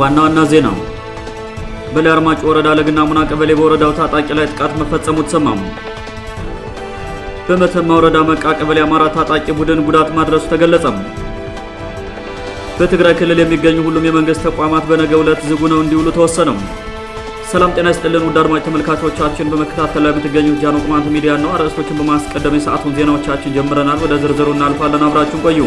ዋና ዋና ዜና በላይ አርማጭ ወረዳ ለግና ሙና ቀበሌ በወረዳው ታጣቂ ላይ ጥቃት መፈጸሙ ተሰማሙ። በመተማ ወረዳ መቃ ቀበሌ አማራ ታጣቂ ቡድን ጉዳት ማድረሱ ተገለጸም። በትግራይ ክልል የሚገኙ ሁሉም የመንግስት ተቋማት በነገው ዕለት ዝጉ ነው እንዲውሉ ተወሰነም። ሰላም ጤና ይስጥልን ውድ አድማጭ ተመልካቾቻችን፣ በመከታተል ላይ የምትገኙ ጃኖ ቁማንት ሚዲያ ነው። አርዕስቶችን በማስቀደም የሰዓቱን ዜናዎቻችን ጀምረናል። ወደ ዝርዝሩ እናልፋለን። አብራችሁን ቆዩ።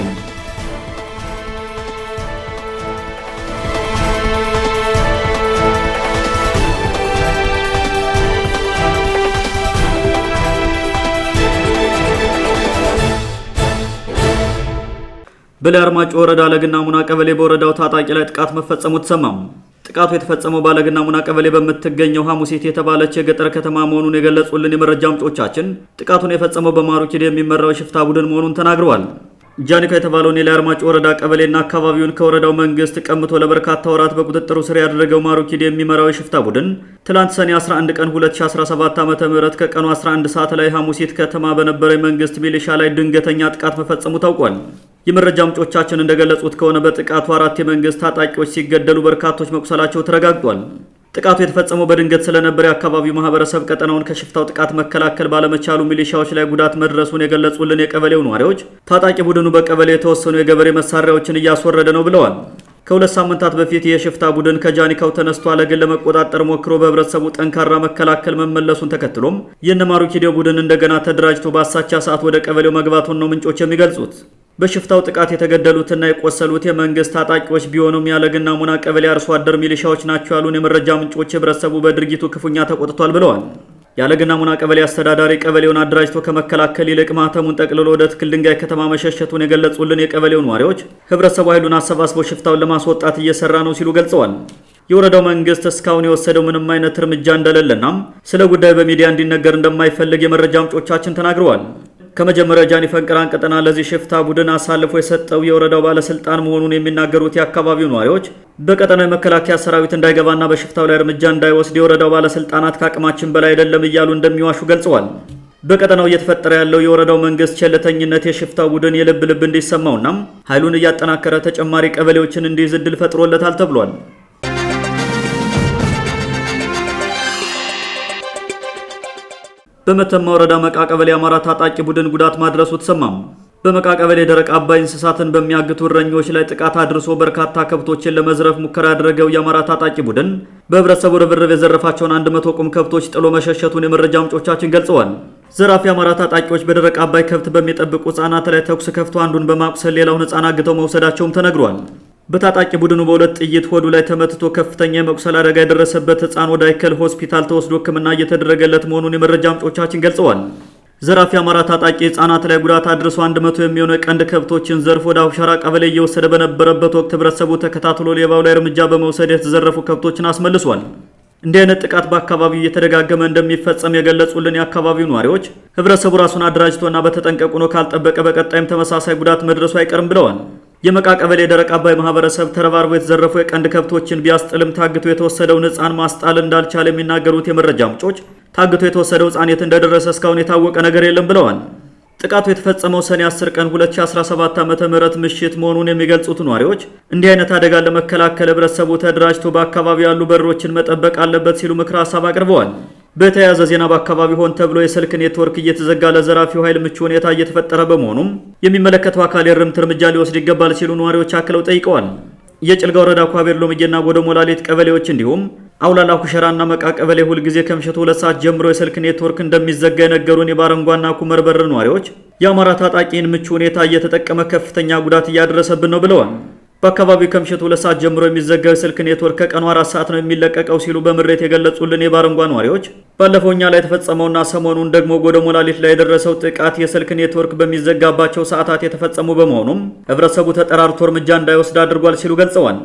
በላይ ወረዳ አለግና ሙና ቀበሌ በወረዳው ታጣቂ ላይ ጥቃት መፈጸሙ ተሰማም። ጥቃቱ የተፈጸመው ባለግና ሙና ቀበሌ በምትገኘው ሐሙሲት የተባለች የገጠር ከተማ መሆኑን የገለጹልን የመረጃ ምንጮቻችን ጥቃቱን የፈጸመው በማሩኪድ የሚመራው የሽፍታ ቡድን መሆኑን ተናግረዋል። ጃኒካ የተባለውን የላይ አርማጭ ወረዳ ቀበሌና አካባቢውን ከወረዳው መንግስት ቀምቶ ለበርካታ ወራት በቁጥጥሩ ስር ያደረገው ማሩኪድ የሚመራው የሽፍታ ቡድን ትላንት ሰኔ 11 ቀን 2017 ዓ ም ከቀኑ 11 ሰዓት ላይ ሐሙሲት ከተማ በነበረ የመንግስት ሚሊሻ ላይ ድንገተኛ ጥቃት መፈጸሙ ታውቋል። የመረጃ ምንጮቻችን እንደገለጹት ከሆነ በጥቃቱ አራት የመንግስት ታጣቂዎች ሲገደሉ በርካቶች መቁሰላቸው ተረጋግጧል። ጥቃቱ የተፈጸመው በድንገት ስለነበር የአካባቢው ማህበረሰብ ቀጠናውን ከሽፍታው ጥቃት መከላከል ባለመቻሉ ሚሊሻዎች ላይ ጉዳት መድረሱን የገለጹልን የቀበሌው ነዋሪዎች ታጣቂ ቡድኑ በቀበሌ የተወሰኑ የገበሬ መሳሪያዎችን እያስወረደ ነው ብለዋል። ከሁለት ሳምንታት በፊት የሽፍታ ቡድን ከጃኒካው ተነስቶ አለግን ለመቆጣጠር ሞክሮ በህብረተሰቡ ጠንካራ መከላከል መመለሱን ተከትሎም የእነማሩ ኪዲዮ ቡድን እንደገና ተደራጅቶ በአሳቻ ሰዓት ወደ ቀበሌው መግባቱን ነው ምንጮች የሚገልጹት። በሽፍታው ጥቃት የተገደሉትና የቆሰሉት የመንግስት ታጣቂዎች ቢሆኑም ያለግና ሙና ቀበሌ አርሶ አደር ሚሊሻዎች ናቸው ያሉን የመረጃ ምንጮች ህብረተሰቡ በድርጊቱ ክፉኛ ተቆጥቷል ብለዋል። ያለግና ሙና ቀበሌ አስተዳዳሪ ቀበሌውን አደራጅቶ ከመከላከል ይልቅ ማህተሙን ጠቅልሎ ወደ ትክል ድንጋይ ከተማ መሸሸቱን የገለጹልን የቀበሌው ነዋሪዎች ህብረተሰቡ ኃይሉን አሰባስበው ሽፍታውን ለማስወጣት እየሰራ ነው ሲሉ ገልጸዋል። የወረዳው መንግስት እስካሁን የወሰደው ምንም አይነት እርምጃ እንደሌለና ስለ ጉዳዩ በሚዲያ እንዲነገር እንደማይፈልግ የመረጃ ምንጮቻችን ተናግረዋል። ከመጀመሪያው ጃኒ ፈንቅራን ቀጠና ለዚህ ሽፍታ ቡድን አሳልፎ የሰጠው የወረዳው ባለስልጣን መሆኑን የሚናገሩት የአካባቢው ነዋሪዎች በቀጠናው የመከላከያ ሰራዊት እንዳይገባና በሽፍታው ላይ እርምጃ እንዳይወስድ የወረዳው ባለስልጣናት ከአቅማችን በላይ አይደለም እያሉ እንደሚዋሹ ገልጸዋል። በቀጠናው እየተፈጠረ ያለው የወረዳው መንግስት ቸለተኝነት የሽፍታው ቡድን የልብ ልብ እንዲሰማውና ኃይሉን እያጠናከረ ተጨማሪ ቀበሌዎችን እንዲይዝ እድል ፈጥሮለታል ተብሏል። በመተማ ወረዳ መቃ ቀበሌ ታጣቂ ቡድን ጉዳት ማድረሱ ተሰማም። በመቃ ቀበሌ ደረቅ አባይ እንስሳትን በሚያግቱ እረኞች ላይ ጥቃት አድርሶ በርካታ ከብቶችን ለመዝረፍ ሙከራ ያደረገው የአማራ ታጣቂ ቡድን በህብረተሰቡ ርብርብ የዘረፋቸውን 100 ቁም ከብቶች ጥሎ መሸሸቱን የመረጃ ምንጮቻችን ገልጸዋል። ዘራፊ አማራ ታጣቂዎች በደረቅ አባይ ከብት በሚጠብቁ ህጻናት ላይ ተኩስ ከፍቶ አንዱን በማቁሰል ሌላውን ህጻን አግተው መውሰዳቸውም ተነግሯል። በታጣቂ ቡድኑ በሁለት ጥይት ሆዱ ላይ ተመትቶ ከፍተኛ የመቁሰል አደጋ የደረሰበት ህፃን ወደ አይከል ሆስፒታል ተወስዶ ሕክምና እየተደረገለት መሆኑን የመረጃ ምንጮቻችን ገልጸዋል። ዘራፊ አማራ ታጣቂ ህጻናት ላይ ጉዳት አድርሶ 100 የሚሆኑ የቀንድ ከብቶችን ዘርፎ ወደ አውሻራ ቀበሌ እየወሰደ በነበረበት ወቅት ህብረተሰቡ ተከታትሎ ሌባው ላይ እርምጃ በመውሰድ የተዘረፉ ከብቶችን አስመልሷል። እንዲህ አይነት ጥቃት በአካባቢው እየተደጋገመ እንደሚፈጸም የገለጹልን የአካባቢው ነዋሪዎች ህብረተሰቡ ራሱን አደራጅቶና በተጠንቀቁ ነው ካልጠበቀ በቀጣይም ተመሳሳይ ጉዳት መድረሱ አይቀርም ብለዋል። የመቃ ቀበሌ የደረቅ አባይ ማህበረሰብ ተረባርቦ የተዘረፉ የቀንድ ከብቶችን ቢያስጥልም ታግቶ የተወሰደውን ህፃን ማስጣል እንዳልቻለ የሚናገሩት የመረጃ ምንጮች ታግቶ የተወሰደው ሕፃን የት እንደደረሰ እስካሁን የታወቀ ነገር የለም ብለዋል። ጥቃቱ የተፈጸመው ሰኔ 10 ቀን 2017 ዓ.ም ምሽት መሆኑን የሚገልጹት ነዋሪዎች እንዲህ አይነት አደጋ ለመከላከል ህብረተሰቡ ተደራጅቶ በአካባቢው ያሉ በሮችን መጠበቅ አለበት ሲሉ ምክረ ሀሳብ አቅርበዋል። በተያያዘ ዜና በአካባቢ ሆን ተብሎ የስልክ ኔትወርክ እየተዘጋ ለዘራፊው ኃይል ምቹ ሁኔታ እየተፈጠረ በመሆኑም የሚመለከተው አካል የእርምት እርምጃ ሊወስድ ይገባል ሲሉ ነዋሪዎች አክለው ጠይቀዋል። የጭልጋ ወረዳ ኳቤር ሎምጌና ጎደ ሞላሌት ቀበሌዎች እንዲሁም አውላላ ኩሸራና መቃ ቀበሌ ሁልጊዜ ከምሽቱ ሁለት ሰዓት ጀምሮ የስልክ ኔትወርክ እንደሚዘጋ የነገሩን የባረንጓና ኩመርበር ነዋሪዎች የአማራ ታጣቂን ምቹ ሁኔታ እየተጠቀመ ከፍተኛ ጉዳት እያደረሰብን ነው ብለዋል። በአካባቢው ከምሽት ሁለት ሰዓት ጀምሮ የሚዘጋው የስልክ ኔትወርክ ከቀኑ አራት ሰዓት ነው የሚለቀቀው ሲሉ በምሬት የገለጹልን የባረንጓ ነዋሪዎች ባለፈው እኛ ላይ የተፈጸመውና ሰሞኑን ደግሞ ጎደ ሞላሊት ላይ የደረሰው ጥቃት የስልክ ኔትወርክ በሚዘጋባቸው ሰዓታት የተፈጸሙ በመሆኑም ህብረተሰቡ ተጠራርቶ እርምጃ እንዳይወስድ አድርጓል ሲሉ ገልጸዋል።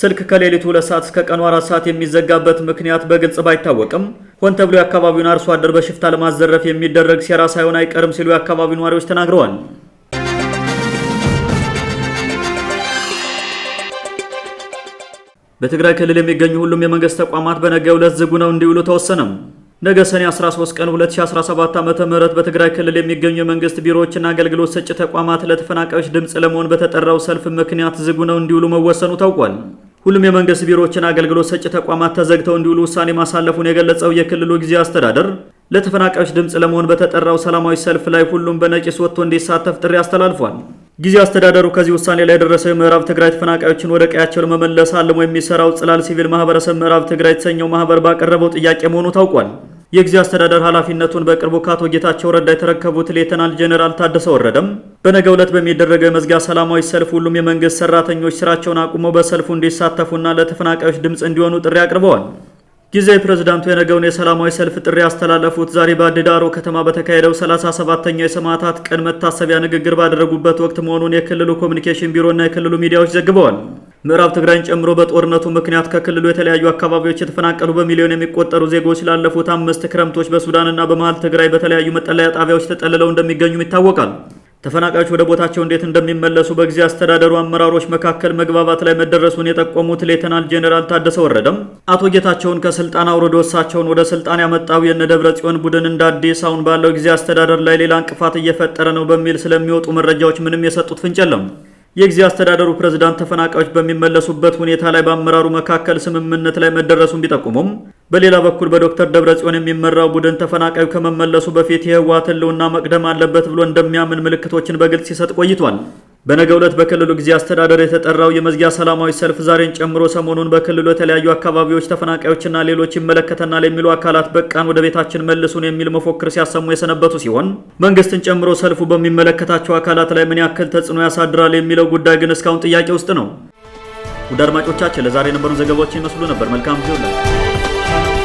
ስልክ ከሌሊቱ ሁለት ሰዓት እስከ ቀኑ አራት ሰዓት የሚዘጋበት ምክንያት በግልጽ ባይታወቅም ሆን ተብሎ የአካባቢውን አርሶ አደር በሽፍታ ለማዘረፍ የሚደረግ ሴራ ሳይሆን አይቀርም ሲሉ የአካባቢው ነዋሪዎች ተናግረዋል። በትግራይ ክልል የሚገኙ ሁሉም የመንግስት ተቋማት በነገው ዕለት ዝጉ ነው እንዲውሉ ተወሰነም። ነገ ሰኔ 13 ቀን 2017 ዓ ም በትግራይ ክልል የሚገኙ የመንግስት ቢሮዎችና አገልግሎት ሰጪ ተቋማት ለተፈናቃዮች ድምፅ ለመሆን በተጠራው ሰልፍ ምክንያት ዝጉ ነው እንዲውሉ መወሰኑ ታውቋል። ሁሉም የመንግስት ቢሮዎችና አገልግሎት ሰጪ ተቋማት ተዘግተው እንዲውሉ ውሳኔ ማሳለፉን የገለጸው የክልሉ ጊዜ አስተዳደር ለተፈናቃዮች ድምፅ ለመሆን በተጠራው ሰላማዊ ሰልፍ ላይ ሁሉም በነቂስ ወጥቶ እንዲሳተፍ ጥሪ አስተላልፏል። ጊዜ አስተዳደሩ ከዚህ ውሳኔ ላይ የደረሰው የምዕራብ ትግራይ ተፈናቃዮችን ወደ ቀያቸው ለመመለስ አልሞ የሚሰራው ጽላል ሲቪል ማህበረሰብ ምዕራብ ትግራይ የተሰኘው ማህበር ባቀረበው ጥያቄ መሆኑ ታውቋል። የጊዜ አስተዳደር ኃላፊነቱን በቅርቡ ከአቶ ጌታቸው ረዳ የተረከቡት ሌተናል ጄኔራል ታደሰ ወረደም በነገ ዕለት በሚደረገው የመዝጊያ ሰላማዊ ሰልፍ ሁሉም የመንግስት ሰራተኞች ስራቸውን አቁመው በሰልፉ እንዲሳተፉና ለተፈናቃዮች ድምፅ እንዲሆኑ ጥሪ አቅርበዋል። ጊዜያዊ ፕሬዝዳንቱ የነገውን የሰላማዊ ሰልፍ ጥሪ ያስተላለፉት ዛሬ በአዲዳሮ ከተማ በተካሄደው 37ኛው የሰማዕታት ቀን መታሰቢያ ንግግር ባደረጉበት ወቅት መሆኑን የክልሉ ኮሚኒኬሽን ቢሮና የክልሉ ሚዲያዎች ዘግበዋል። ምዕራብ ትግራይን ጨምሮ በጦርነቱ ምክንያት ከክልሉ የተለያዩ አካባቢዎች የተፈናቀሉ በሚሊዮን የሚቆጠሩ ዜጎች ላለፉት አምስት ክረምቶች በሱዳንና በመሃል ትግራይ በተለያዩ መጠለያ ጣቢያዎች ተጠልለው እንደሚገኙም ይታወቃል። ተፈናቃዮች ወደ ቦታቸው እንዴት እንደሚመለሱ በጊዜ አስተዳደሩ አመራሮች መካከል መግባባት ላይ መደረሱን የጠቆሙት ሌተናል ጄኔራል ታደሰ ወረደም አቶ ጌታቸውን ከስልጣን አውርዶ እሳቸውን ወደ ስልጣን ያመጣው የነ ደብረ ጽዮን ቡድን እንደ አዲስ አሁን ባለው ጊዜ አስተዳደር ላይ ሌላ እንቅፋት እየፈጠረ ነው በሚል ስለሚወጡ መረጃዎች ምንም የሰጡት ፍንጭ የለም። የጊዜ አስተዳደሩ ፕሬዝዳንት ተፈናቃዮች በሚመለሱበት ሁኔታ ላይ በአመራሩ መካከል ስምምነት ላይ መደረሱን ቢጠቁሙም በሌላ በኩል በዶክተር ደብረጽዮን የሚመራው ቡድን ተፈናቃዩ ከመመለሱ በፊት የህወሓት ህልውና መቅደም አለበት ብሎ እንደሚያምን ምልክቶችን በግልጽ ሲሰጥ ቆይቷል። በነገ ዕለት በክልሉ ጊዜ አስተዳደር የተጠራው የመዝጊያ ሰላማዊ ሰልፍ ዛሬን ጨምሮ ሰሞኑን በክልሉ የተለያዩ አካባቢዎች ተፈናቃዮችና ሌሎች ይመለከተናል የሚሉ አካላት በቃን ወደ ቤታችን መልሱን የሚል መፎክር ሲያሰሙ የሰነበቱ ሲሆን መንግስትን ጨምሮ ሰልፉ በሚመለከታቸው አካላት ላይ ምን ያክል ተጽዕኖ ያሳድራል የሚለው ጉዳይ ግን እስካሁን ጥያቄ ውስጥ ነው። ውድ አድማጮቻችን ለዛሬ የነበሩን ዘገባዎች ይመስሉ ነበር። መልካም ጊዜ